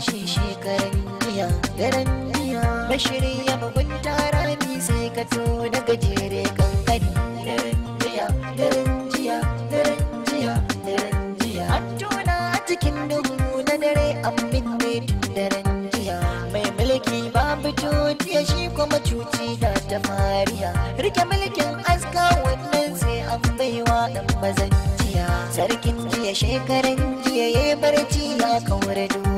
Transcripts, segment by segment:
bashi shekaru daren biya bashiri ya mugunta rami sai ka to da gajere kankani daren jiya daren jiya daren jiya an tona a cikin duhu na dare an ne tun daren jiya mai mulki ba fito jiya shi kuma cuci da ta fariya rike mulkin aska wannan sai an baiwa dan mazan jiya sarkin jiya shekaran jiya ya barci ya kaura duk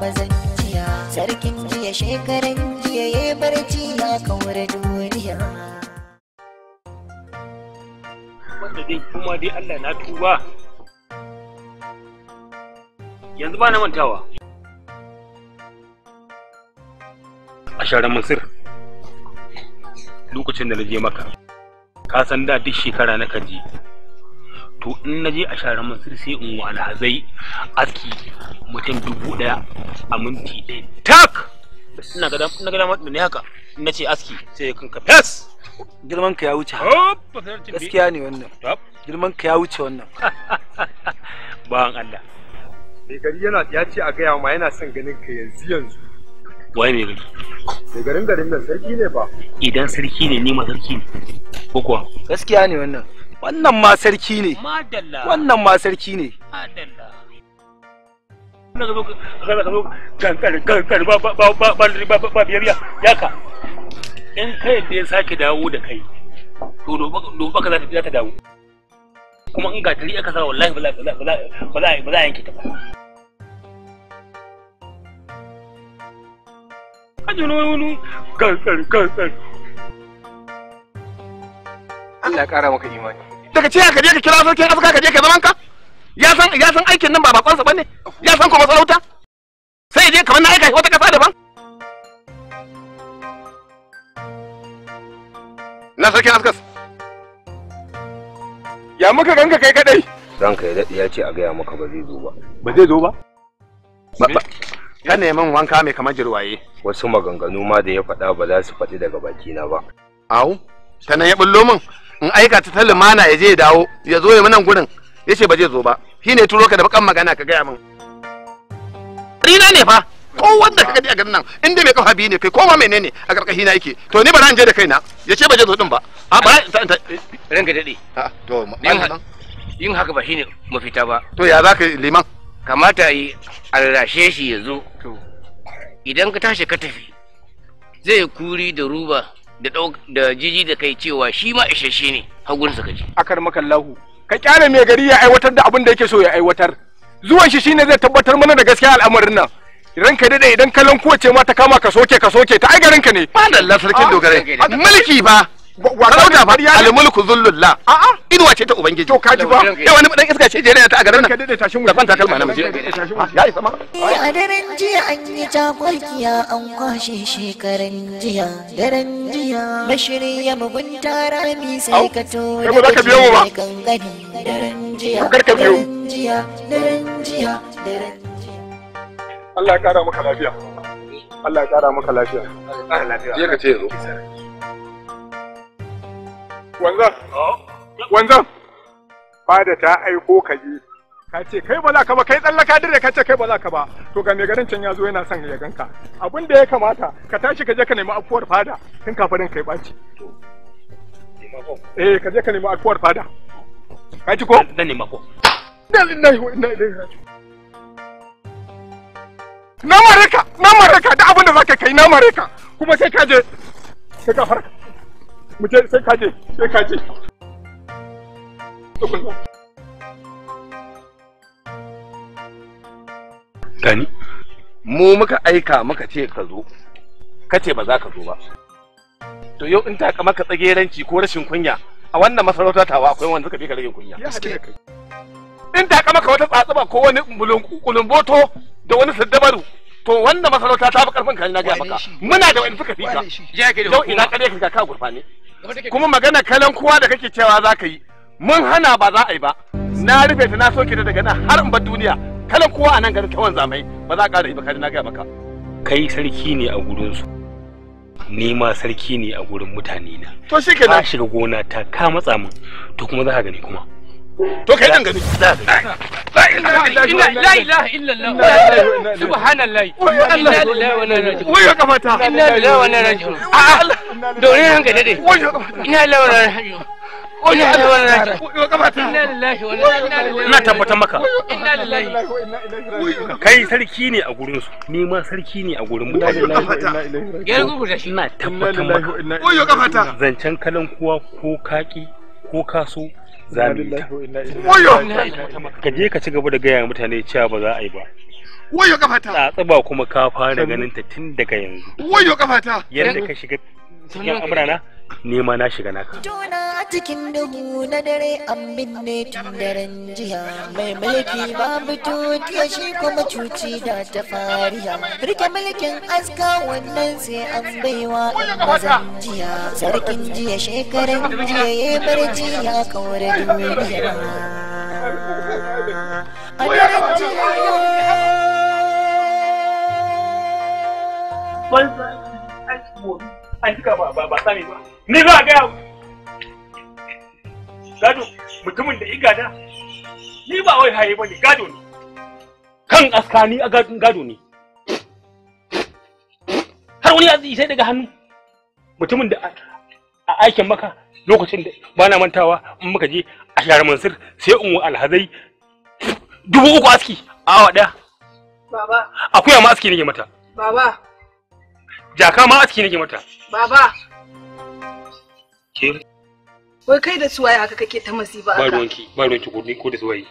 bazan jiya sarkin jiya shekaran jiya ya barci ya kawar duniya wanda dai kuma dai Allah na tuba yanzu ba na mantawa a sharar masir lokacin da na je maka ka san da duk shekara na je to in na je a share masir sai in wa alhazai aski mutum dubu daya a minti ɗaya tak ina ga na ga da ne haka na ce aski sai kan ka fes girman ka ya wuce gaskiya ne wannan girman ka ya wuce wannan bawan Allah mai gari yana ya ce a gaya ma yana son ganin ka yanzu yanzu wai mai gari mai garin garin nan sarki ne ba idan sarki ne ni ma sarki ne ko kuwa gaskiya ne wannan wannan ma sarki ne wannan ma sarki ne in kai da ya sake dawo da kai to dobe ka za ta dawo kuma in gatari aka sa wallahi ba za a yanke ta ba ajiyar wani gangan gangan Allah ya kara maka imani daga ciya ka je ka kira sarkin afirka ka je ka zaman ka ya san ya san aikin nan ba bakonsa bane ya san kuma sarauta sai je kamar na aika wata kasa daban na sarkin askas ya muka ganka kai kadai ranka ya daɗi ya ce a gaya maka ba zai zo ba ba zai zo ba ka neman wanka mai kamar jirwaye wasu maganganu ma da ya faɗa ba za su faɗi daga bakina ba au ta nan ya bullo min in aika ta limana ya je ya dawo ya zo ya nan gurin ya ce ba zai zo ba shi ne turo ka da bakan magana ka gaya min rina ne fa ko wanda ka gadi a garin nan inda mai kafa biyu ne kai ko ne ne a karkashi na yake to ni ba in je da kaina ya ce ba zai zo din ba a ba ranka dade to yin haka ba shine mafita ba to ya za ka liman kamata yi alrashe shi ya zo idan ka tashi ka tafi zai kuri da ruba da da jiji da kai cewa shi ma isasshe ne hagun ka kaji akar makallahu ka kyale mai gari ya aiwatar da abin da yake so ya aiwatar zuwan shi shine zai tabbatar mana da gaskiya al'amarin nan idan ka dade idan kallon kowace ma ta kama ka soke ka soke ta ai garin ka ne ba da dogara, sarkin ah, dogare mulki ba sarauta fa almulku zullullah a'a inuwa ce ta ubangiji to kaji ba ya wani dan iska ce jere ta a garin nan ka dade tashin wuta fanta kalma na muje ya isa ma a daren jiya an yi jagwalkiya an kwashe shekaran jiya daren jiya bashiri ya mugunta rami sai ka to da ka biyo ba gangani daren jiya ka jiya daren jiya daren Allah ya kara maka lafiya Allah ya kara maka lafiya. Allah ya kara maka lafiya. Je ka ce yanzu. Wanzan. Wanzan. Fada ta aiko ka je. Ka ce kai ba za ka ba kai tsallaka dire ka ce kai ba za ka ba. To ga mai garin can ya zo yana son ya ganka. Abin da ya kamata ka tashi ka je ka nemi afuwar fada tun kafarin kai ɓaci. Eh ka je ka nemi afuwar fada. Ka ji ko? Zan nemi ko Dalin na yi wa ina Na mareka, na mareka da abin da zaka ka kai na mareka kuma sai ka je sai ka farka. mu je sai kaje sai kaje Gani? Mu muka aika muka ce ka zo, ka ce ba za ka zo ba. To yau in taka maka tsageranci ko rashin kunya, a wannan masarauta tawa akwai wanda suka fi ka rage kunya. In taka maka wata tsatsuba ko wani boto da wani siddabaru to wanda masarauta ta fi karfin kare na gaya maka muna da wani suka fika yau ina kare ka ka kuma magana kalan kowa da kake cewa za ka yi mun hana ba za a yi ba na rufe ta na soke da daga nan har in bar duniya kalan kowa a nan garin ta zamai ba za a yi ba kare na gaya maka kai sarki ne a gurinsu ni ma sarki ne a gurin mutane na to shi ka shiga gona ta ka matsa min to kuma za ka gani kuma to kai dan gani la ilaha illallah inna lillahi wa inna ilaihi kamata inna lillahi wa inna ilaihi a dore dade inna lillahi wa inna ilaihi Ina tabbatar maka. Kai sarki ne a gurin su, ni sarki ne a gurin Ina tabbatar maka. Zancen kalan ko kaki ko kaso za mu ka je ka ci gaba da gaya mutane cewa ba za a yi ba wayo kafata tsatsa ba kuma ka fara ganin ta tun daga yanzu wayo kafata yadda ka shiga cikin amurana nema na shiga naka. tona cikin dubu na dare an binne tun daren jiya mai mulki babu ya shi kuma cuci da ta fariya. Rike mulkin aska wannan sai an baiwa in bazan jiya. Sarkin jiya shekaran jiya ya bar jiya kawar duniya. A daren jiya. an ba ba sami ba ni za a gaya gado mutumin da da ni ba wai haye ba ne gado ne kan askani a gado ne har wani ya sai daga hannu mutumin da a aikin maka lokacin da ba na mantawa in muka je a shara mansur sai in alhazai dubu uku aski a awa daya baba akuya ma aski nake mata baba jaka ma aski nake mata baba ke wai kai da suwaye haka kake ta masifa ba ruwanki ba ruwanki ko ko da suwaye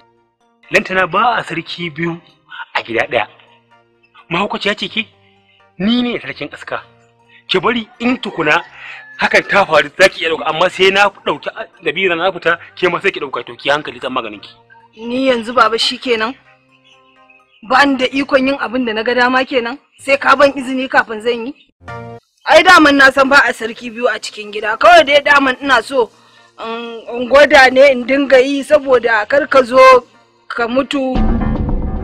lantana ba a sarki biyu a gida daya ya ce ke ni ne sarkin aska ki bari in tukuna hakan ta faru za ki iya ɗauka amma sai na ɗauki dabira na fita ke ma sai ki ɗauka to ki hankali zan maganin ki. Ni yanzu baba shi kenan? Ba da ikon yin abin da na ga dama kenan sai ka ban izini kafin zan yi? ai daman na san ba a sarki biyu a cikin gida kawai dai daman ina so in gwada ne in dinga yi saboda kar ka zo ka mutu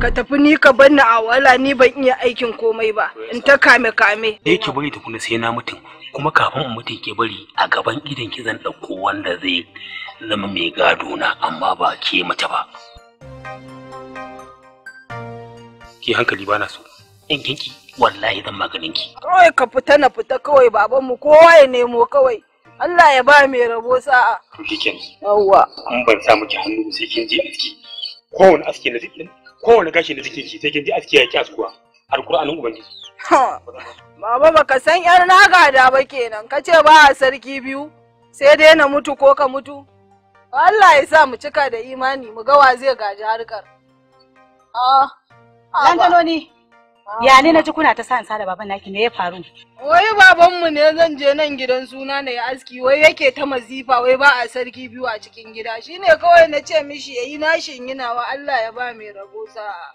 ka tafi ni ka banna a wala ni ban iya aikin komai ba in ta kame kame da yake bari kuna sai na mutum kuma kafin in mutu ke bari a gaban idan ki zan dauko wanda zai zama mai gado na amma ba ke mata ba ki hankali bana so in kinki wallahi zan maganin ki kawai ka fita na fita kawai baban mu kowa ya nemo kawai Allah ya ba mai rabo sa'a to shikin yawwa An ban sa miki hannu sai kin je aski kowane aski na jikin kowane gashi na jikin ki sai kin je aski ya ki askuwa alqur'anin ubangiji baba baka san yar naga da ba kenan kace ba a sarki biyu sai dai na mutu ko ka mutu Allah ya sa mu cika da imani mu ga wa zai gaji harkar. Ah, Lantanoni, Ah. Ya ne na ji kuna ta sa'an sa da baban naki ne ya faru? Wai babanmu ne zan je nan gidan suna na ya aski wai yake ta mazifa wai ba a sarki biyu a cikin gida shine kawai na ce mishi yayi nashin yana Allah ya ba mai rago sa'a.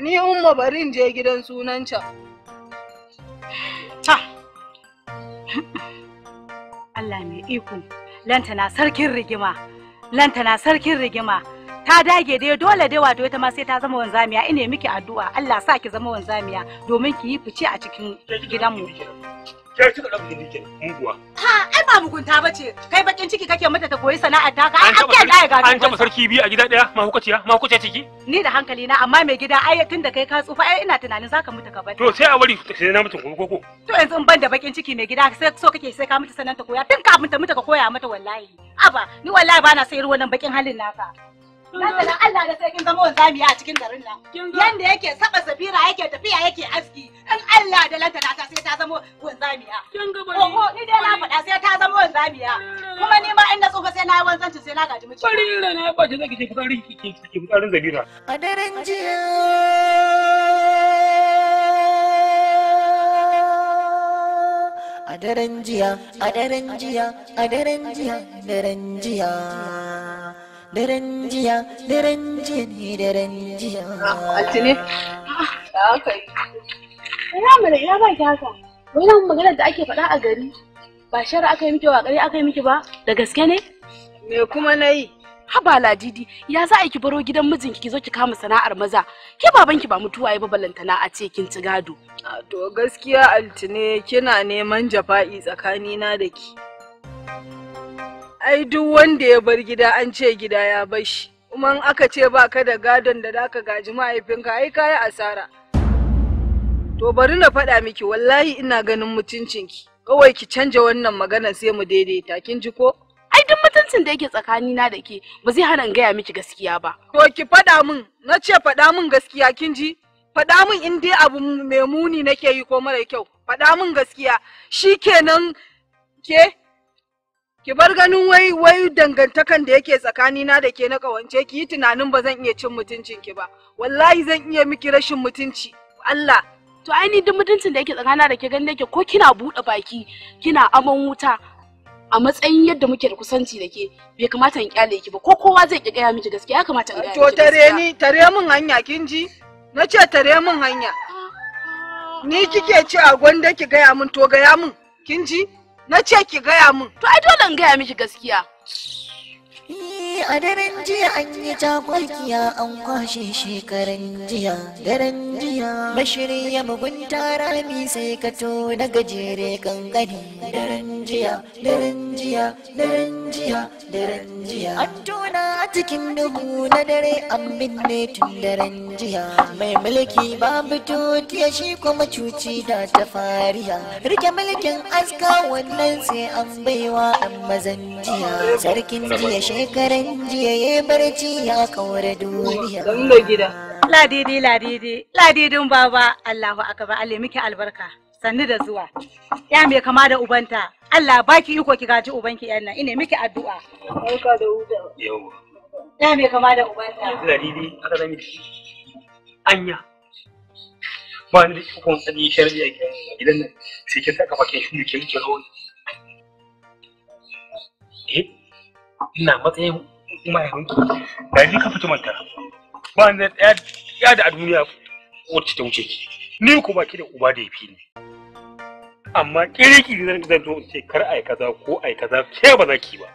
Ni umma barin je gidan sunan can. Ta. Allah mai iko. lantana sarkin rigima. Lanta sarkin rigima. ta dage dai dole dai wato ita ma sai ta zama wanzamiya ine miki addu'a Allah sa ki zama wanzamiya domin ki yi fice a cikin gidanmu ke kika dauki ni ke ha ai ba mugunta bace kai bakin ciki kake mata ta koyi sana'ar ta kai ake da ga an taba sarki biyu a gida daya ma hukaciya ma hukaciya ciki ni da hankali na amma mai gida ai tunda kai ka tsufa ai ina tunanin zaka mutu ka bari to sai a wari sai na mutu ko ko to yanzu in ban da bakin ciki mai gida sai so kake sai ka mutu sanan ta koya tun ka ta mutu ka koya mata wallahi aba ni wallahi bana sayar nan bakin halin naka Dandalin Allah da sai kin zama wanzami a cikin garin nan. Yanda yake saba safira yake tafiya yake aski. In Allah da lantana ta sai ta zama wanzamiya. Oho ni dai na faɗa sai ta zama wanzamiya. Kuma ni ma in na tsufa sai na yi wanzanci sai na gaji miki. Bari rana ya ɓace zaki je fitsarin ki ki ki fitsarin zabira. A daren jiya. A daren jiya, a daren jiya, a daren jiya, daren jiya. daren jiya daren jiya ne daren jiya altine da aka yi ina mana ina ba ki haka wannan maganar da ake faɗa a gari ba shara aka yi miki ba ƙari aka yi miki ba da gaske ne me kuma na yi haba ladidi ya za a ki baro gidan mijinki ki zo ki kama sana'ar maza ke baban ki ba mutuwa ya ballantana a ce kin ci gado to gaskiya altine kina neman jafa'i tsakanina da ki ai duk wanda ya bar gida an ce gida ya bar shi kuma aka ce baka da gadon da zaka gaji mahaifinka ai kayi asara to bari na faɗa miki wallahi ina ganin mutuncinki kawai ki canja wannan magana sai mu daidaita kin ji ko ai duk mutuncin da yake tsakani na da ke ba zai hana gaya miki gaskiya ba to ki faɗa min na ce faɗa min gaskiya kin ji faɗa min in dai abu mai muni nake yi ko mara kyau faɗa min gaskiya shikenan ke Ki bar ganin wai wai dangantakan da yake tsakanina da ke na kawance ki yi tunanin ba zan iya cin mutuncin ki ba. Wallahi zan iya miki rashin mutunci. Allah. To ai ni duk mutuncin da yake tsakana da ke ganin yake ko kina buɗe baki kina aman wuta a matsayin yadda muke da kusanci da ke bai kamata in kyale ki ba ko kowa zai ki gaya miki gaskiya ya kamata in gaya miki. To tare ni tare min hanya kin ji? Na ce tare min hanya. Ni kike ce a gwanda ki gaya min to gaya min kin ji? Na ce ki gaya min. To ai dole in gaya miki gaskiya. a daren jiya an yi an kwashe shekaran jiya daren jiya bashir ya mugunta rami sai ka to na gajere kankani daren jiya daren jiya daren jiya daren jiya an tona a cikin duhu na dare an binne tun daren jiya mai mulki babu tutiya shi kuma cuci da ta fariya rike mulkin aska wannan sai an baiwa an mazan jiya sarkin jiya shekaran jiya ya barci ya kawar duniya. Ladidi ladidi ladidin baba Allahu akbar Allah miki albarka sannu da zuwa. Ya mai kama da ubanta Allah baki iko ki gaji ubanki yan nan ina miki addu'a. Barka da huta. Yau. Ya mai kama da ubanta. Ladidi aka zami anya. Ba ni da ikon sani sharri a gidan nan sai kin saka bakin shi ne kin kiro. Eh ina matsayin mahaifinki da ni ka fito manta ba ni ya da a duniya wacce ta wuce ki ni ku baki da uba da yafi ni amma kiriki zan zan zo ce kar ai kaza ko ai kaza ke ba za ki ba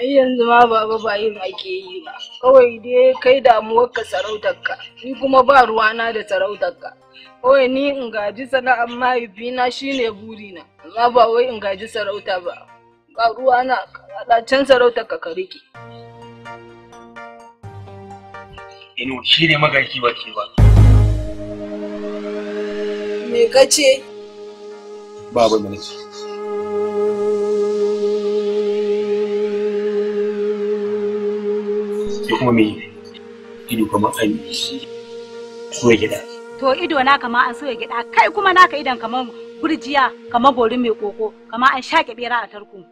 ai yanzu ma baba ba yin ake yi ba kawai dai kai damuwar ka sarautarka ni kuma ba ruwana da sarautarka kawai ni in gaji sana'ar mahaifina shine burina amma ba wai in gaji sarauta ba karuwa na ɗacen sarautar ka kariki. Inu shi ne magaki ba ke ba. Me ka ce? Ba abin da nake. Ke kuma me ido kamar an soya gida. To ido na kama an soya gida kai kuma naka idan kamar gurjiya kamar borin mai koko Kama an shaƙe bera a tarko.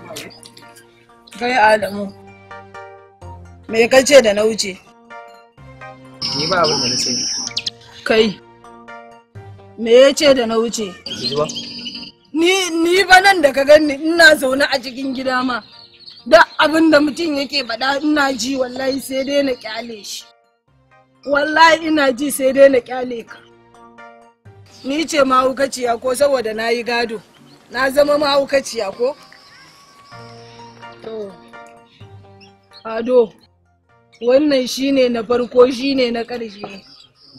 Kai Adamu. Me ka ce da na wuce? Ni ba abin da na sani. Kai. Me ya ce da na wuce? Ni ni ba nan da ka gani ina zaune a cikin gida ma. Da abin da mutum yake faɗa ina ji wallahi sai dai na kyale shi. Wallahi ina ji sai dai na kyale ka. Ni ce mahaukaciya ko saboda na yi gado. Na zama mahaukaciya ko? Ado, wannan shi ne na farko shi ne na ƙarshe,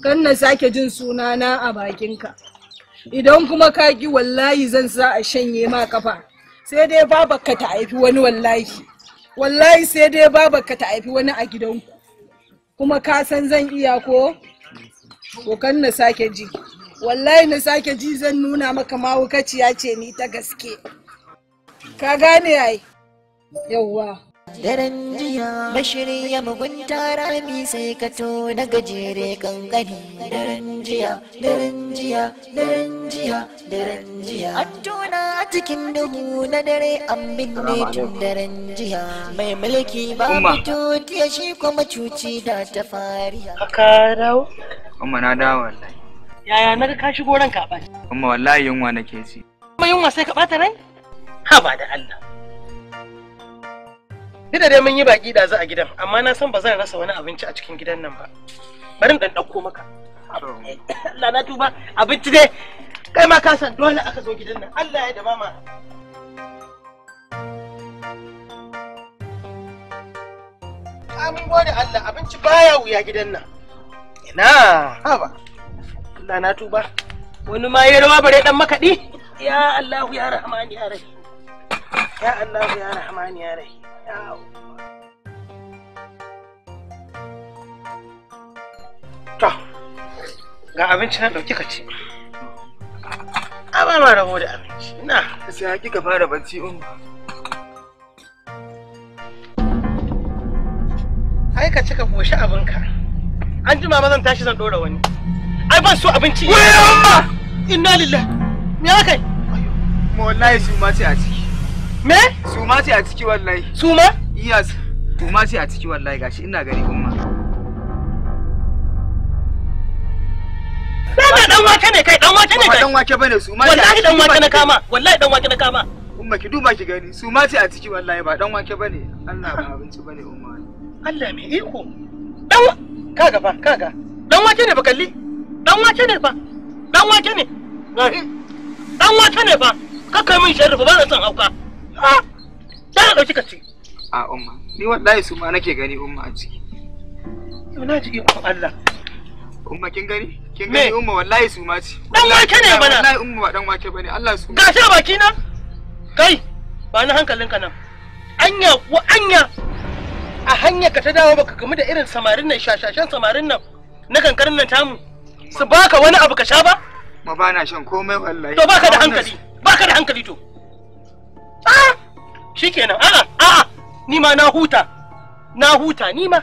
kan na sake jin sunana a bakinka. Idan kuma ka wallahi zan sa a shanye ma kafa, sai dai babarka ta haifi wani wallahi. Wallahi sai dai babarka ta haifi wani a gidanku. Kuma ka san zan iya ko? Ko kan na sake ji. Wallahi na sake ji zan nuna maka mawukaciya ce ni ta gaske. Ka gane yayi. yawwa daren jiya mashirya mugunta rami sai ka to na gajere kankani daren jiya daren jiya daren jiya daren jiya a tona a cikin duhu na dare an binne tun daren jiya mai mulki ba fito tiya shi kuma cuci da ta fari a karau amma na dawo wallahi yaya na ka shigo ranka ba amma wallahi yunwa nake ci kuma yunwa sai ka bata rai ha ba da Allah Duk da dai mun yi baki da za a gidan, amma na san ba zan rasa wani abinci a cikin gidan nan ba. Bari dan dauko maka. Allah na tuba abinci dai kai ma ka san dole aka zo gidan nan. Allah ya dama ma. Amin ah, gode Allah abinci baya wuya gidan nan. Ina haba. Allah na tuba. Wani ma ya rawa bare dan makaɗi? Ya Allah ya rahmani ya rahim. Ya Allah ya rahmani ya rahim. To, ga abinci nan ɗauki ka ci. A ba ma rabo da abinci, na. Sai haƙi ka fara bacci in. Ai ka ci cika goshi abinka. An jima ma zan tashi zan ɗora wani. Ai ban so abinci. Wai Inna lillahi. Me ya kai? Wallahi shi ma ce a ciki. me suma ce a ciki wallahi suma yes suma ce a ciki wallahi gashi ina gani umma Dama dan wake ne kai dan wake ne kai. Dan wake bane su ma. Wallahi dan wake na kama. Wallahi dan wake na kama. Umma ki duba ki gani su ma ce a ciki wallahi ba dan wake bane. Allah ba abinci bane umma. Allah me iko. Dan kaga fa kaga. Dan wake ne ba kalli. Dan wake ne fa. Dan wake ne. Gahi. Dan wake ne fa. Kakkai min sharri ba na son hauka. Da ah, ɗauki ka ce. A umma, ni wallahi su ma nake gani umma a ciki. Na ji ikon Allah. Umma kin gani? Kin gani umma wallahi su ma ce. Dan wake ne bana. Wallahi umma ba dan wake bane. Allah su. Ga shi baki na. Kai, ba hankalin ka nan. Anya wa anya. A hanya ka ta dawo baka gamu da irin samarin nan shashashan samarin nan na kankarin nan tamu. Su baka wani abu ka sha ba? Ma ba na shan komai wallahi. To baka da hankali. Baka da hankali to. shikenan a'a a'a ni ma na huta na huta ni ma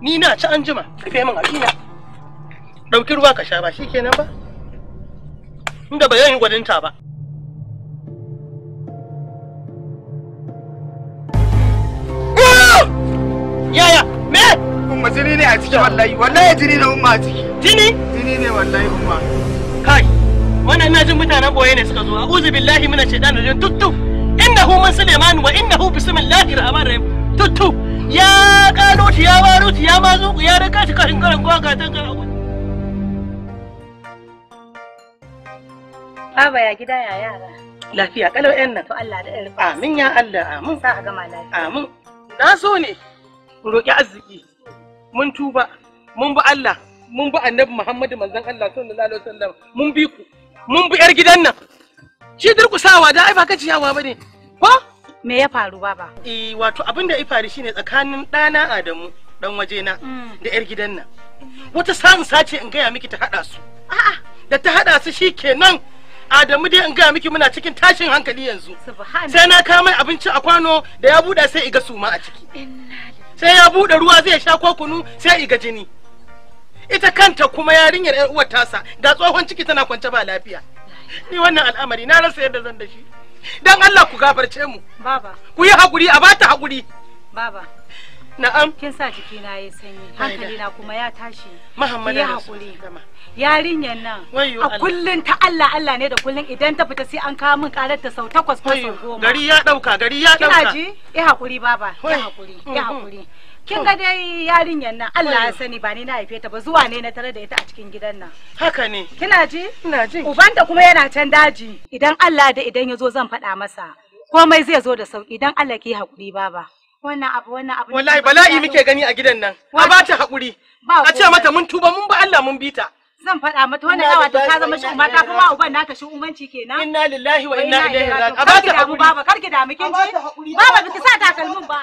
ni na ci an jima rufe min abina ɗauki ruwa ka sha ba shikenan ba inda ba yayin gwadinta ba yaya me umma jini ne a ciki wallahi wallahi jini ne umma a ciki jini jini ne wallahi umma kai wannan ina jin mutanen boye ne suka zo a'udhu billahi minash shaitanir rajim tuttu innahu man Suleiman wa innahu bismillahir rahmanir rahim tuttu ya kalo ya baro ya mazo ya rika shi kashin karan gwa ga tangar Baba ya gida ya yara. Lafiya kalau yan nan. To Allah da Amin ya Allah amin. Sa a gama lafiya. Amin. Na so ne roƙi arziki. Mun tuba, mun bi Allah, mun bi Annabi Muhammadu manzon Allah sallallahu alaihi wasallam, mun bi ku, mun bi yar gidan nan. Shi durƙusawa da ai ba kaciyawa bane. Ko? Me ya faru baba? Eh wato abin da ya faru shine tsakanin ɗana Adamu dan wajena mm. da yar gidan nan. Wata samu sace in gaya miki ta haɗa su. A'a. Da ta haɗa su shikenan Adamu dai in gaya miki muna cikin tashin hankali yanzu. Sai na kawo mai abinci a kwano da ya buɗa sai iga suma a ciki. Sai ya buɗe ruwa zai sha ko kunu sai iga jini. Ita kanta kuma yarinyar 'yar uwar tasa ga tsohon ciki tana kwance ba lafiya. Ni wannan al'amari na rasa yadda zan da shi. Dan Allah ku gafarce mu. Baba. Ku yi hakuri a bata hakuri. Baba. Na'am. Kin sa jiki na yi sanyi, hankali na kuma ya tashi. Muhammad ya hakuri. Yarinyar nan a kullun ta Allah Allah ne da kullun idan ta fita sai an kawo min karar ta sau takwas ko sau goma. Gari ya dauka, gari ya dauka. Kina ji? Ya hakuri baba, ya hakuri, ya hakuri. Mm-hmm. kin ga dai yarinyar nan Allah ya sani ba ni na haife ta ba zuwa ne na tare da ita a cikin gidan nan haka ne kina ji ina ji ubanta kuma yana can daji idan Allah da idan ya zo zan faɗa masa komai zai zo da sauki idan Allah ki hakuri baba wannan abu wannan abu wallahi bala'i muke gani a gidan nan a ba ta hakuri a ce mata mun tuba mun ba Allah mun bi ta zan faɗa mata wannan yawa ta ka zama shi ta kuma uban naka shi umanci kenan inna lillahi wa inna ilaihi raji'un a ba ta hakuri baba ki da mu kin ji baba biki sa takalmin ba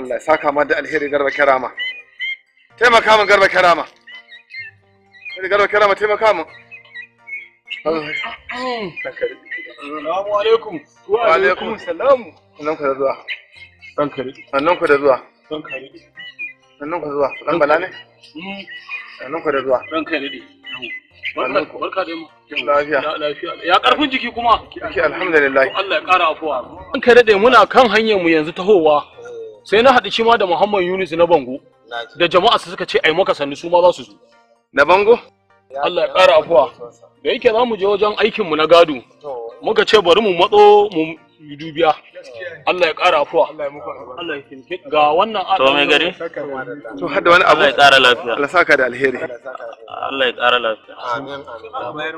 Allah ya saka ma da alheri garba karama taimaka min garba karama garba karama taimaka min Assalamu alaikum. Wa alaikum salam. Sannan ku da zuwa. Sannan ku da zuwa. Sannan ku zuwa. Dan bala ne? Mm. Sannan ku da zuwa. Barka da mu. Lafiya. Ya karfin jiki kuma. Jiki alhamdulillah. Allah ya kara afuwa. kare dade muna kan hanyar mu yanzu tahowa. sai na haɗu shi ma da muhammad yunus na bango da jama'a su suka ce ai maka sannu su ma za su zo na bango Allah ya ƙara afuwa da yake za mu je wajen aikin mu na gado muka ce bari mu matso mu dubiya Allah ya ƙara afuwa Allah ya kinke ga wannan to mai gari to har da wani abu Allah ya ƙara lafiya Allah saka da alheri Allah ya ƙara lafiya amin amin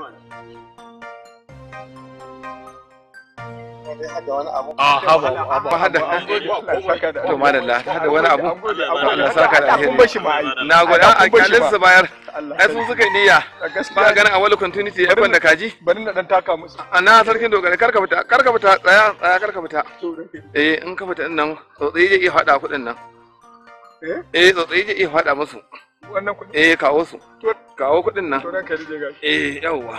ne dai hada wani abu ah, a haba haba hada to madalla hada wani abu Allah saka da alheri na gode a ah, kyalin su bayar ai sun suka niyya ba ganin a wani continuity ai banda kaji bari na dan taka musu ana sarkin dogara karka fita karka fita tsaya tsaya karka fita eh in ka fita nan tsotsai zai iya hada kudin nan eh, eh tsotsai zai iya hada musu wannan kudin eh kawo su kawo kudin nan eh yawwa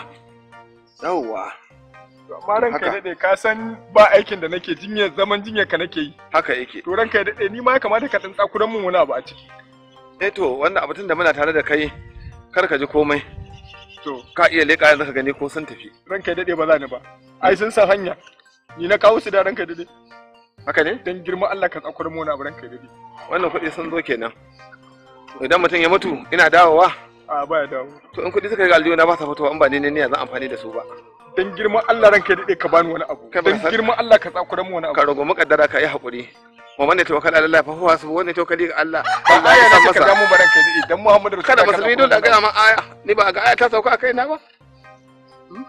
yawwa amma ranka daɗe ka san ba aikin da nake jinyar zaman jinyar ka nake yi haka yake to ranka daɗe ni ma ya kamata ka tsantsa kudan mun wani abu a ciki eh to wannan abu da muna tare da kai kar ka ji komai to ka iya leƙa yanzu ka gani ko sun tafi ranka daɗe ba za ni ba ai sun sa hanya ni na kawo su da ranka daɗe haka ne dan girma Allah ka tsakura mu wani abu ranka daɗe wannan kuɗi sun zo kenan idan mutum ya mutu ina dawowa a ba ya dawo to in kuɗi suka yi aljihu na ba sa fitowa in ba ni ne ne yanzu amfani da su ba dan girman Allah ranka dade ka bani wani abu dan girman Allah ka tsakura mu wani abu ka rogo makaddara ka yi hakuri Mu man tawakkal ala Allah fa huwa hasbu wa man tawakkali ga Allah Allah ya san masa mu baranka dade dan Muhammadu kada musulmi dole ga ma aya ni ba ga aya ta sauka kai na ba hmm?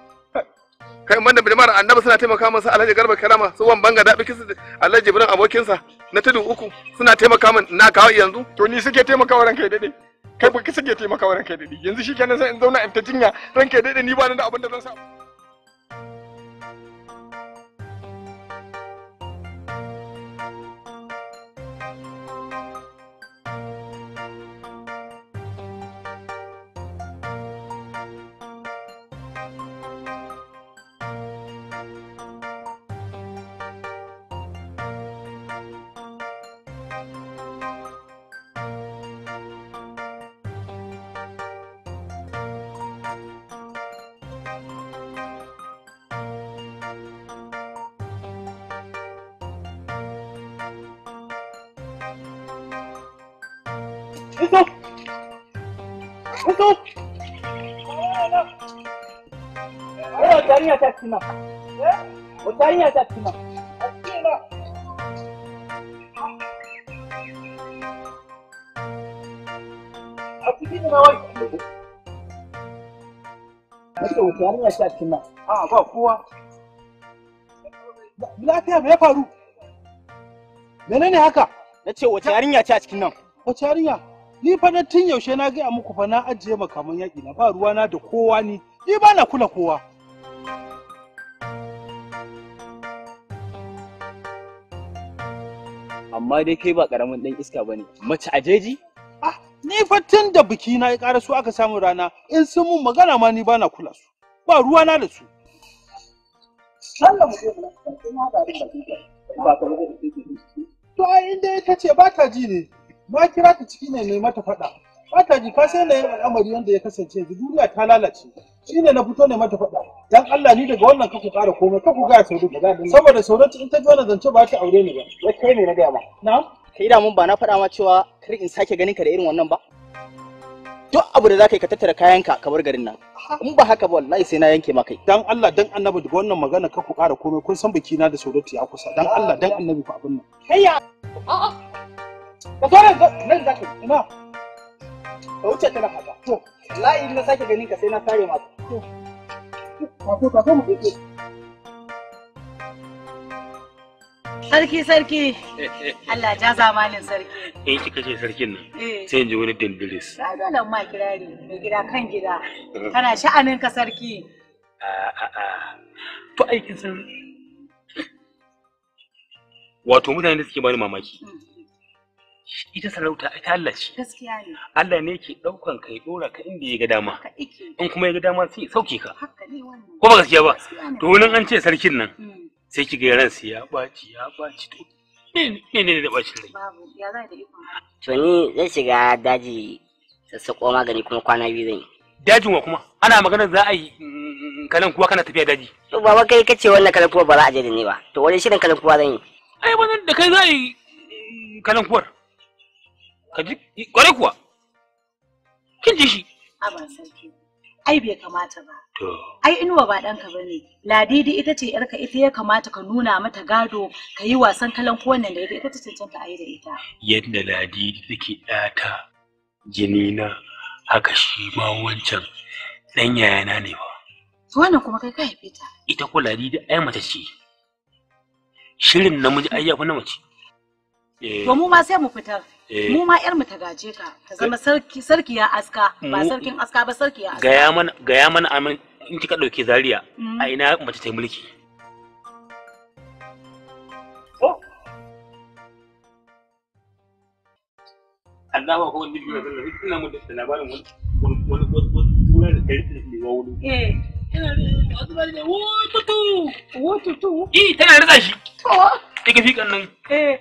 kai man da bilmar annabi suna taimaka masa alhaji garba karama su wan banga dabi kisu alhaji jibrin abokinsa na tudu uku suna taimaka min na kawo yanzu to ni suke taimakawa ranka dade kai ba suke taimakawa ranka dade yanzu shikenan sai in zauna in ta jinya ranka dade ni ba nan da abin da zan sa Tutup! Eh, utari ya taksima. Eh? Utari ya taksima. A cikin na wai. Nake utari A ba kowa. Lafiya me ya faru? Menene haka? Na ce wace yarinya ce a cikin nan? Wace yarinya? ni fa na tun yaushe na gaya muku fa na ajiye makaman yaƙi na ba ruwana da kowa ni ni ba na kula kowa amma dai kai ba ƙaramin ɗan iska bane mace ajeji ah ni fa tun da biki na ya su aka samu rana in sun mun magana ma ni ba na kula su ba ruwana da su To ai inda ita ce ba ta ji ne. ma kira ta ciki ne ne mata faɗa ba ta ji ka sai na yin al'amari yadda ya kasance yanzu duniya ta lalace shi ne na fito ne mata faɗa dan Allah ni daga wannan kaku ƙara komai kaku ga sauro saboda sauratu in ta ji wannan zance ba ta aure ni ba ya kai ne na gaya ma na'am kai da mun ba na faɗa ma cewa kar in sake ganin ka da irin wannan ba duk abu da zaka yi ka tattara kayanka ka bar garin nan in ba haka ba wallahi sai na yanke ma kai dan Allah dan annabi daga wannan magana ka ku ƙara komai kun san biki na da sauratu ya kusa dan Allah dan annabi fa abin nan kayya a'a Ka zo nan za ka ina. Ka wuce ta nan haka. To, layi na sake ganin ka sai na kare maka. To, kafo kafo mu ɗauke. Sarki sarki. Allah ja zamanin sarki. In eh, kika ce sarkin nan eh. sai in ji wani dindiris. Na dole ma kirari mai gida kan gida. Kana sha'anin ka sarki. A'a. aikin sarki. Wato mutane da suke bani mamaki. Hmm. ita sarauta ita Allah ce gaskiya ne Allah ne yake daukan kai dora ka inda ya ga dama in kuma ya ga dama sai sauke ka ko ba gaskiya ba to wannan an ce sarkin nan hmm. sai ki ran ransa ya baci ya baci to ne ne da baci rai to ni zan shiga daji sassaƙo magani kuma kwana biyu zan yi dajin wa kuma ana maganar za a yi mm, mm, kalan kuwa kana tafiya daji to baba kai kace wannan kalan kuwa ba za a je da ni ba to wani shirin kalan kuwa zan yi ai wannan da kai za a yi mm, kalan kuwar ka ji kwarai kuwa kin ji shi a ba sarki ai bai kamata ba ai inuwa ba ɗanka ba ne ladidi ita ce yarka ita ya kamata ka nuna mata gado ka yi wasan kalan kowanne da ita ita ce cancanta a yi da ita yadda ladidi take ɗata na haka shi ma wancan ɗan yayana ne ba wannan kuma kai ka haife ta ita ko ladidi ai mata ce shirin namiji ai yafi na mace eh. to mu ma sai mu fitar mu ma yar mu ta gaje ka ta zama sarki sarki ya aska ba sarkin aska ba sarki ya aska ya mana ga ya mana amin in kika dauke zaria a ina mace ta mulki Allah ba kowanne biyu da ina mu da labarin wani wani wani da kai da ke wani eh ina da wasu bari da wotutu wotutu eh tana rasa shi to take fikan nan eh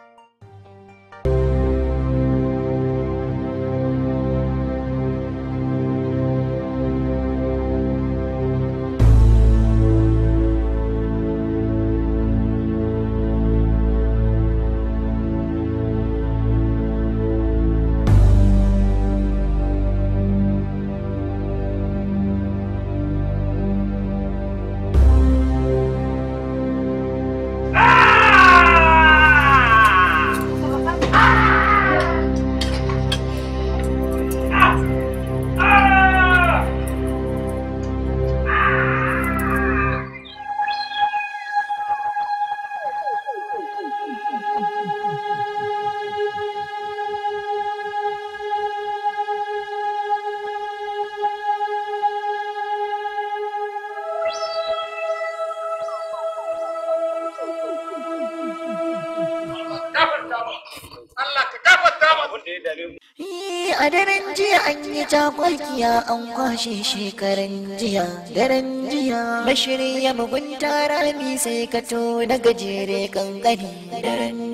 shi karanjiya jiya daren ya mashirya mugunta rami sai ka to na gajere kankani daren mu,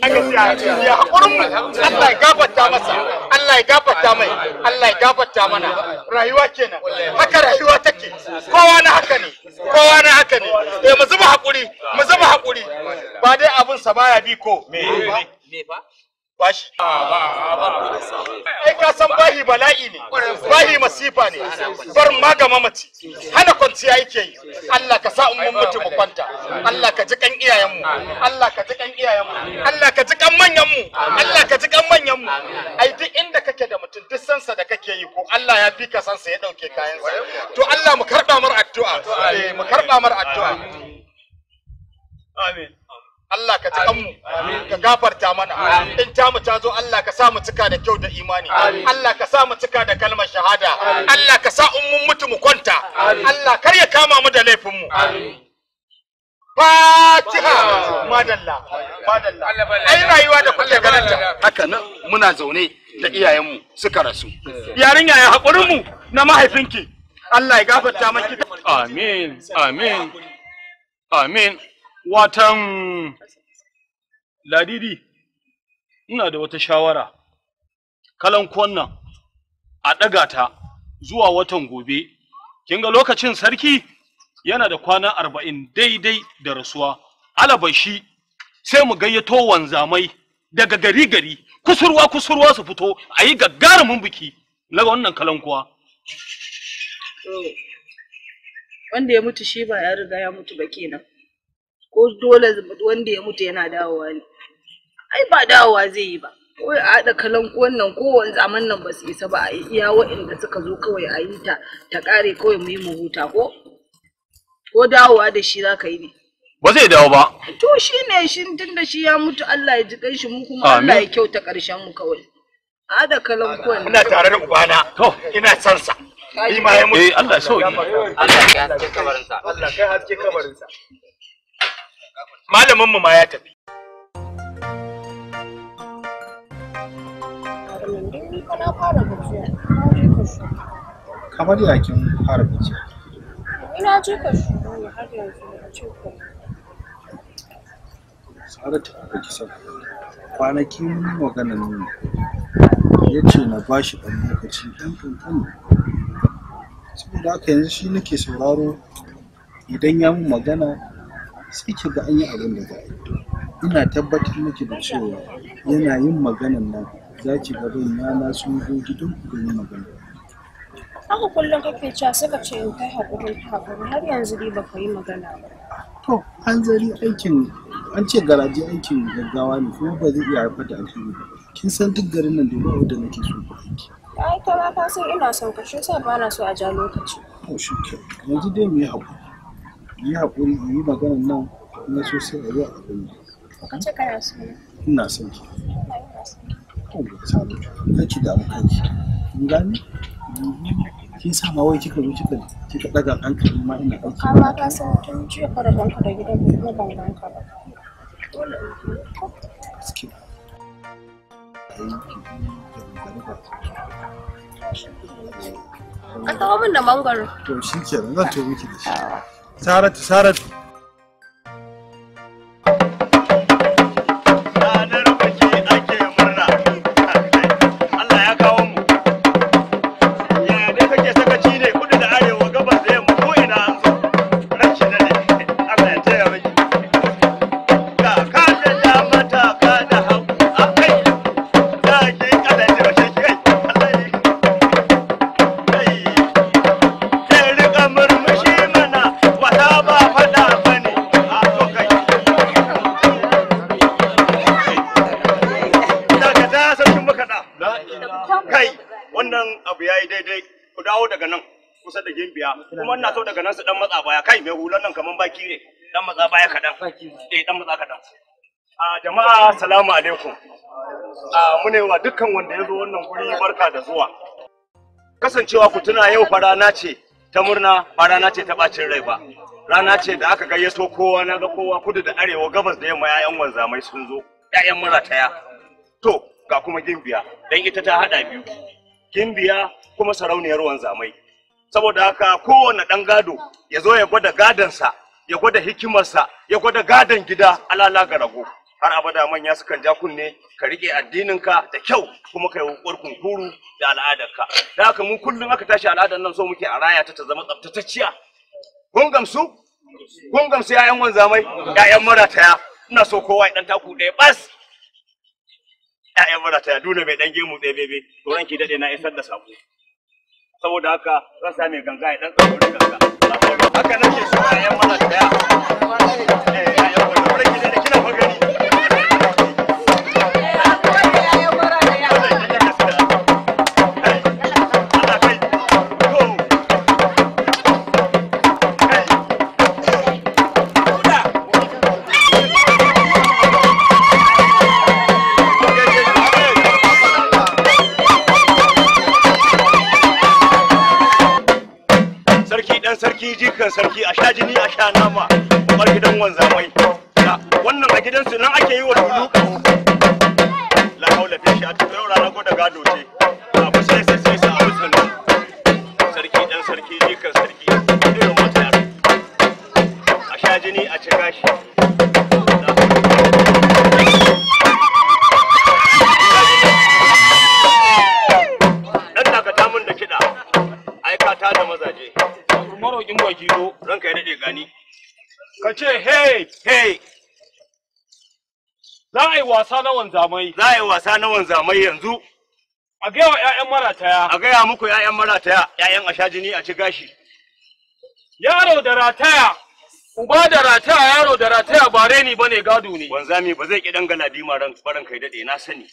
Allah ya gafarta masa Allah ya gafarta mai Allah ya gafarta mana rayuwa kenan haka rayuwa take kowa na haka ne kowa na haka ne eh mu zuba hakuri mu zuba hakuri ba dai abun sa baya biko me ba bashi ai ka san bahi bala'i ne bahi masifa ne bar ma ga mamaci hana kwanciya yake yi Allah ka sa ummun mutu mu kwanta Allah ka ji kan iyayen mu Allah ka ji kan iyayen mu Allah ka ji kan manyan mu Allah ka ji kan manyan mu ai duk inda kake da mutum duk sansa da kake yi ko Allah ya fi ka sansa ya dauke kayan sa to Allah mu karba mar addu'a eh mu karba mar addu'a amin Allah ka jikan mu ka gafarta mana in ta mu ta zo Allah ka sa mu cika da kyau da imani Allah ka sa mu cika da kalmar shahada Allah ka sa in mun mutu mu kwanta Allah kar ya kama mu da laifin mu Fatiha madalla madalla ai rayuwa da kuke karanta haka nan muna zaune da iyayenmu suka rasu yarinya ya hakurin mu na mahaifinki Allah ya gafarta maki amin amin amin Watan ladidi, ina da wata shawara, kalan nan a ɗaga ta zuwa watan gobe, kin ga lokacin sarki yana da kwana arba'in daidai da rasuwa, alabashi sai mu gayyato wanzamai daga gari gari, kusurwa kusurwa su fito a yi gagarumin biki na wannan kalan Wanda ya mutu shi ba ya riga ya mutu ba kenan. ko dole wanda ya mutu yana dawowa ne ai ba dawowa zai yi ba wai a haɗa kalanku wannan kowane zaman nan ba su isa ba a iya wa'inda suka zo kawai a yi ta ta ƙare kawai mu yi mu huta ko ko dawowa da shi za ka yi ne ba zai dawo ba to shi ne shi tun da shi ya mutu Allah ya ji kanshi mu kuma Allah ya kyauta ƙarshen mu kawai a haɗa kalanku wannan ina tare da ubana to ina son sa ni ya mutu eh Allah ya sauki Allah ya haske kabarinsa Allah kai haske kabarinsa malamin mu ma ya tafi kamar ya kin fara bincike ina je ka shuru ne har yanzu da ce ko Sara ta ɗauki kwanaki mun magana ne ya ce na ba shi ɗan lokaci ɗan kankani saboda haka yanzu shi nake sauraro idan ya mun magana sai ki ga an yi abin da za a yi ina tabbatar miki da cewa yana yin maganan nan za ki ga yana sun zo gidan ku yi magana haka kullum kake cewa saka ce in kai haƙuri haƙuri har yanzu dai baka yi magana ba to an zari aikin an ce garaje aikin gaggawa ne kuma ba zai iya haifar da alheri ba kin san duk garin nan domin abin da nake so ba aiki ai ta ma san ina son ka shi sa ba na so a ja lokaci to shi yanzu dai mu yi haƙuri yi haƙuri in yi maganin nan na so sai a zuwa abin da kana so ina son ki kawai da samu kai ki damu kanki kin gane kin sa ma wai kika zo kika kika daga hankali ma ina aiki amma ka san tun jiya da gidan mu ban ganka ba dole An kawo min da mangwaro. To shi kenan zan da shi. 잘했지 잘했지 jama'a salamu alaikum a ah, mune wa dukkan wanda ya zo wannan guri barka da zuwa kasancewa ku tuna yau fa rana ce ta murna ba rana ce ta bacin rai ba rana ce da aka gayyato kowa na ga kowa kudu da arewa gabas da yamma 'ya'yan wanzamai sun zo 'ya'yan marataya to ga kuma gimbiya dan ita ta hada biyu gimbiya kuma sarauniyar wanzamai saboda haka kowane dan gado ya zo ya gwada gadonsa ya gwada hikimarsa ya gwada gadon gida alala ga rago har abada manya sukan ja kunne ka rike addininka da kyau kuma ka yi hukuwar kunkuru da al'adarka da haka mun kullum aka tashi al'adar nan so muke a raya ta ta zama tsaftatacciya kun gamsu kun gamsu yayan wanzamai yayan marataya ina so kowa ya dan taku ɗaya bas yayan marataya dole mai dan gemu ɗaya bebe to ranki dade na isar da sako saboda haka zan sa mai ganga ya dan tsaro da ganga haka nake so yayan marataya yayan eh, wanzamai kina jini a cika shi dan dakata min da kiɗa aikata da mazaje marokin gwagiro ranka ya daɗe gani ka ce hey hey za a yi wasa na wanzamai za a yi wasa na wanzamai yanzu a gaya wa 'ya'yan marataya a gaya muku 'ya'yan marataya 'ya'yan asha jini a ci gashi yaro da rataya Uba da rataya yaro da rataya ba reni bane gado ne. Wanzami ba zai ki dan bi ma ran baran kai dade na sani.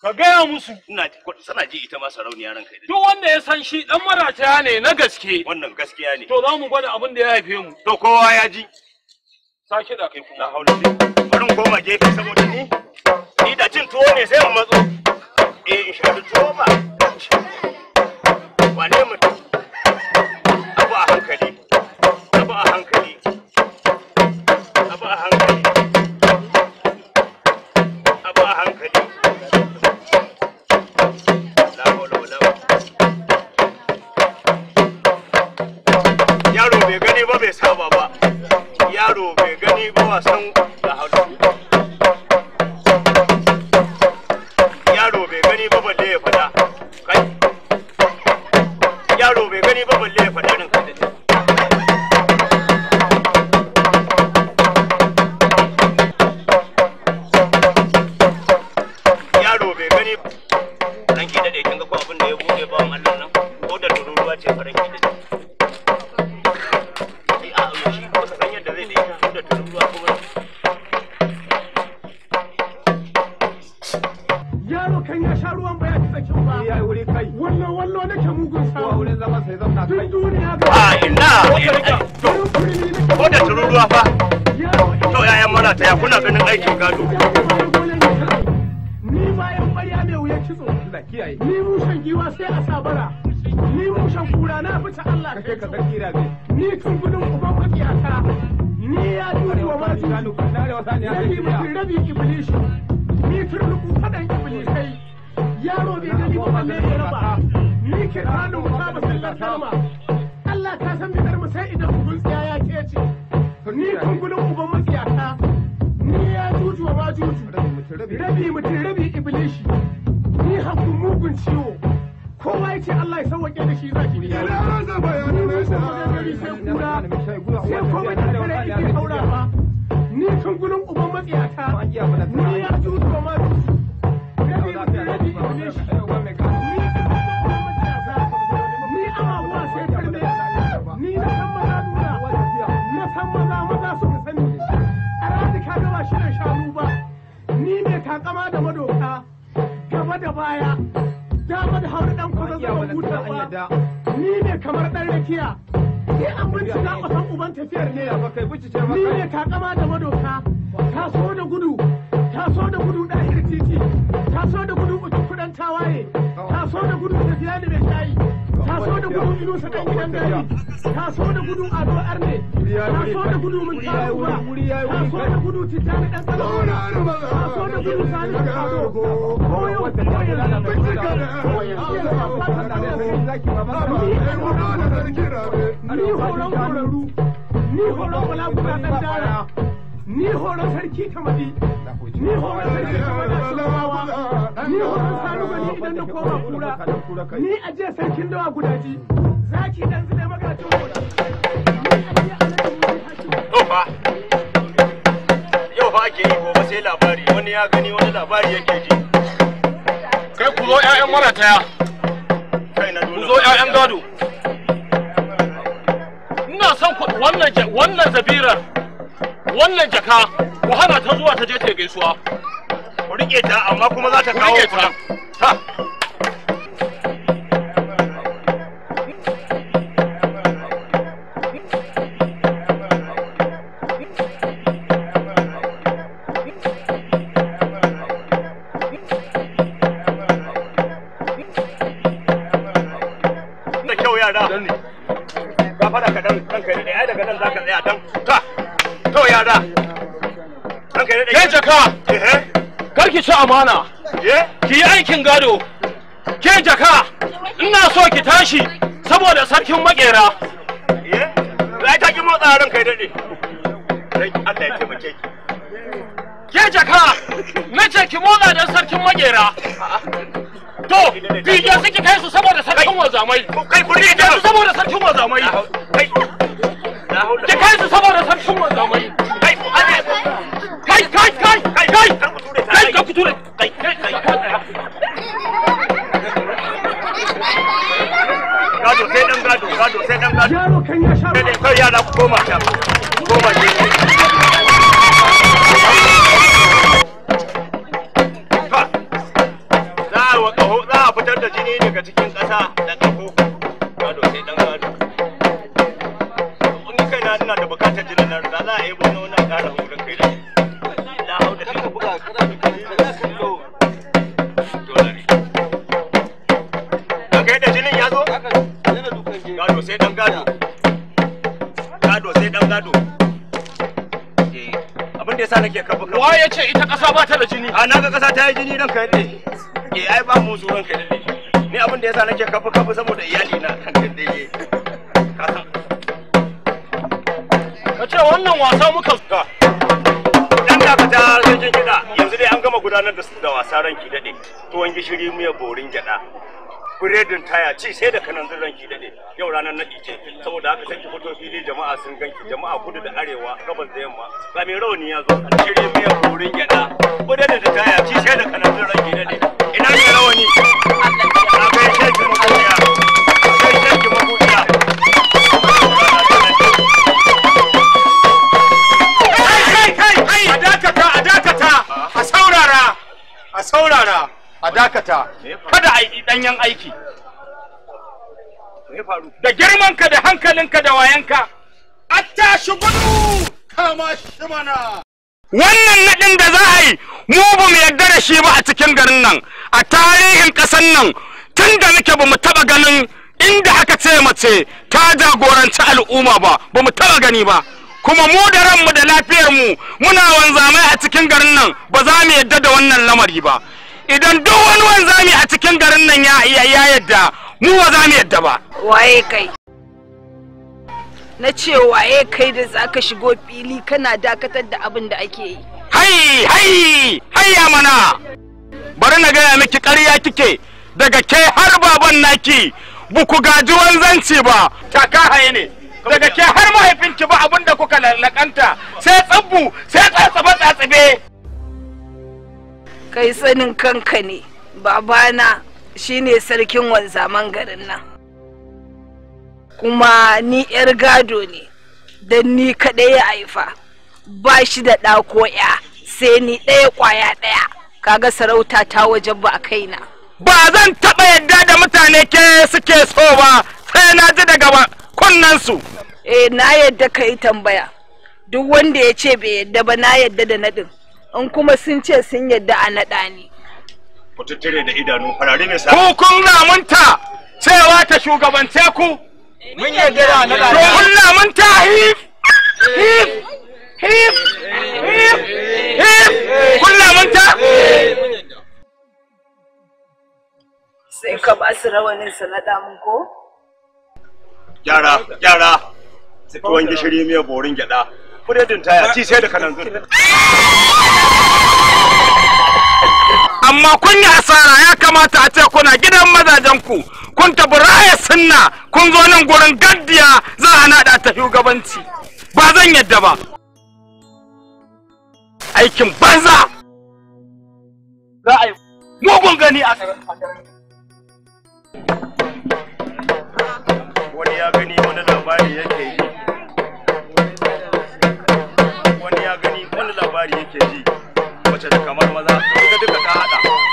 Ka gaya musu. Ina sana ji ita ma sarauniya ran kai dade. Duk wanda ya san shi dan marataya ne na gaske. Wannan gaskiya ne. To za mu gwada abin da ya haife mu. To kowa ya ji. Sa kiɗa kai kuma. Na haula dai. Barin koma gefe saboda ni. Ni da cin tuwo ne sai mu matso. Eh in sha tuwo ba. Wane mutum? gani ba balle ya faɗa matsiyata ni ya tuto ma rabi shi ni ni na san maza na san maza maza su ka a rani ka gaba shanu ba ni mai takama da madoka gaba da baya da dan kwasa zama hutawa ni ne kamar ɗan rakiya sai an bincika a san uban tafiyar ne ni ne takama da gudun ado arne na so da gudu mun tara kura na so da gudu tijjani dan kala na so da gudu sani da kado koyo koyo ni horon kwararru ni horon wala guda dan dara ni horon sarki tamadi ni horon sarki tamadi salamawa ni horon sanu gani idan da koma kura ni aje sarkin dawa gudaji zaki dan zai magana tun fa yau fa ake yi gobe sai labari wani ya gani wani labari yake ji kai ku zo ƴaƴan taya, ku zo ƴaƴan gado ina son ku wannan wannan zabirar wannan jaka ku hana ta zuwa ta je ta gaisuwa ku rike ta amma kuma za ta kawo ku ta amana eh, ki yi aikin gado ke jaka ina so ki tashi saboda sarkin makera ke jaka na ce ki motsa dan sarkin to suke kai su saboda sarkin wazamai ki kai saboda sarkin wazamai kai kai kai kai kai ture kai kai kai gado gado gado sai gado ya da koma ta koma za fitar da jini daga cikin nake kafa kafa. Wa ya ce ita ƙasa ba ta da jini? A naga ga ƙasa ta yi jini nan ka daɗe. Eh ai ba mu zuwan ka daɗe. Ni abin da yasa nake kafa kafa saboda iyali na kan ka daɗe. Ka ce wannan wasa muka zuka. Dan dakata sarkin kiɗa yanzu dai an gama gudanar da wasa ranki daɗe. Tuwon gishiri miyar borin gyaɗa. biredin taya ci sai da kanan zirran ki dade yau ranar naɗi ce saboda haka sai ki fito fili jama'a sun ganki jama'a kudu da arewa gabas da yamma ga mai rauni ya zo a cire miyar horin gyada biredin da taya ci sai da kanan zirran ki dade ina mai rauni? a kai sai a a a saurara a saurara a dakata kada a yi danyen aiki da girmanka da hankalinka da wayanka a tashi gudu kama shi mana wannan naɗin da za a yi mu ba mu yarda da shi ba a cikin garin nan a tarihin ƙasar nan tun da muke ba mu taɓa ganin inda aka ce mace ta jagoranci al'umma ba ba mu taɓa gani ba kuma mu da ranmu da lafiyar mu, muna wanzamai a cikin garin nan ba za mu yarda da wannan lamari ba idan duk wani wanzami a cikin garin nan ya yadda mu ba za mu yadda ba waye kai na ce waye kai da za ka shigo fili kana dakatar da abin da ake yi hai hai ya mana bari na gaya miki ƙarya kike daga ke har baban naki buku gaji wanzanci ba taka haye ne daga ke har mahaifinki ba abin da kuka lalakanta sai tsabbu sai tsatsabe tsatsabe kai sanin kanka ne babana shine sarkin wanzaman garin nan kuma ni yar gado ne don ni kaɗai ya haifa ba shi da ɗa ko ya sai ni ɗaya ƙwaya ɗaya kaga sarauta ta wajen ba a kaina ba zan taɓa yadda da mutane ke suke so ba sai na ji daga kunnansu eh na yadda ka yi tambaya duk wanda ya ce bai yadda ba na yadda da naɗin in kuma sun ce sun yadda a naɗa ni. Ku da idanu farare ne sa. Kukun namunta cewa ta shugabance ku. Mun yadda da naɗa ni. Kukun namunta hif hif hif hif hif kun namunta. Sai ka ba su rawanin su naɗa mun ko? Gyara, gyara. Tuwon gishiri miya borin gyada. ta taya, ci sai da kanan eh. amma kun yi asara ya kamata a ce kuna gidan mazajen ku kun tabi raya sunna kun zo nan gurin gaddiya za a nada ta shugabanci ba zan yadda ba aikin banza za a yi mugun gani a wani ya gani wani labari yake wani ya gani wani labari yake ji mace da kamar maza duka duka ta hada